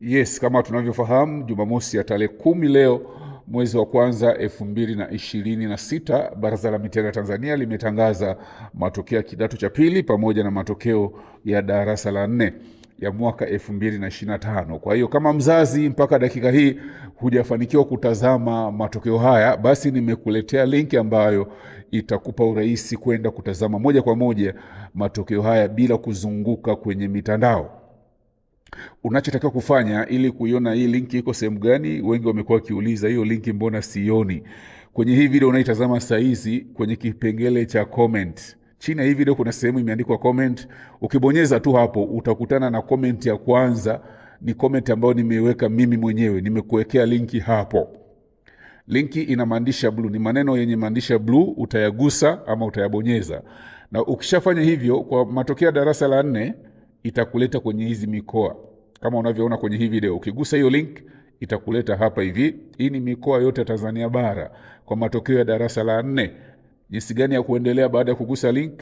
Yes, kama tunavyofahamu, Jumamosi ya tarehe kumi leo mwezi wa kwanza elfu mbili na ishirini na sita Baraza la Mitihani ya Tanzania limetangaza matokeo ya kidato cha pili pamoja na matokeo ya darasa la nne ya mwaka elfu mbili na ishirini na tano. Kwa hiyo kama mzazi mpaka dakika hii hujafanikiwa kutazama matokeo haya, basi nimekuletea linki ambayo itakupa urahisi kwenda kutazama moja kwa moja matokeo haya bila kuzunguka kwenye mitandao unachotakiwa kufanya ili kuiona hii linki iko sehemu gani. Wengi wamekuwa wakiuliza hiyo linki mbona sioni kwenye hii video unaitazama saa hizi. Kwenye kipengele cha comment chini ya hii video kuna sehemu imeandikwa comment. Ukibonyeza tu hapo utakutana na comment ya kwanza, ni comment ambayo nimeiweka mimi mwenyewe, nimekuwekea linki hapo. Linki ina maandishi ya bluu, ni maneno yenye maandishi ya bluu, utayagusa ama utayabonyeza. Na ukishafanya hivyo, kwa matokeo ya darasa la nne itakuleta kwenye hizi mikoa kama unavyoona kwenye hii video. Ukigusa hiyo link itakuleta hapa hivi. Hii ni mikoa yote ya Tanzania bara kwa matokeo ya darasa la nne. Jinsi gani ya kuendelea baada ya kugusa link.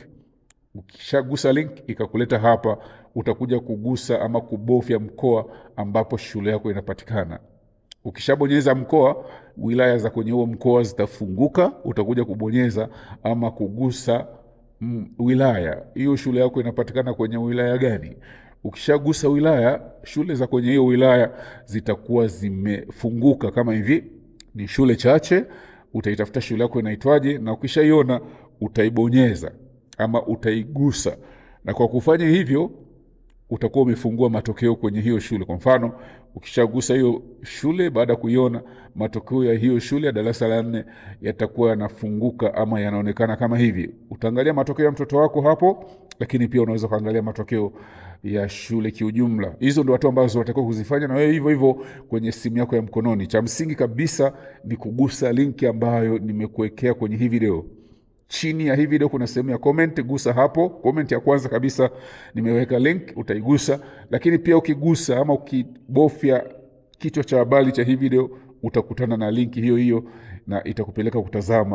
Ukishagusa link ikakuleta hapa, utakuja kugusa ama kubofya mkoa ambapo shule yako inapatikana. Ukishabonyeza mkoa, wilaya za kwenye huo mkoa zitafunguka, utakuja kubonyeza ama kugusa wilaya hiyo shule yako inapatikana kwenye wilaya gani ukishagusa wilaya shule za kwenye hiyo wilaya zitakuwa zimefunguka kama hivi ni shule chache utaitafuta shule yako inaitwaje na ukishaiona utaibonyeza ama utaigusa na kwa kufanya hivyo utakuwa umefungua matokeo kwenye hiyo shule kwa mfano Ukishagusa hiyo shule baada ya kuiona, matokeo ya hiyo shule ya darasa la nne yatakuwa yanafunguka ama yanaonekana kama hivi. Utaangalia matokeo ya mtoto wako hapo, lakini pia unaweza kuangalia matokeo ya shule kiujumla. Hizo ndo hatua ambazo unatakiwa kuzifanya na wewe hivyo hivyo kwenye simu yako ya mkononi. Cha msingi kabisa ni kugusa linki ambayo nimekuwekea kwenye hii video chini ya hii video kuna sehemu ya comment, gusa hapo. Comment ya kwanza kabisa nimeweka link, utaigusa. Lakini pia ukigusa ama ukibofya kichwa cha habari cha hii video utakutana na linki hiyo hiyo na itakupeleka kutazama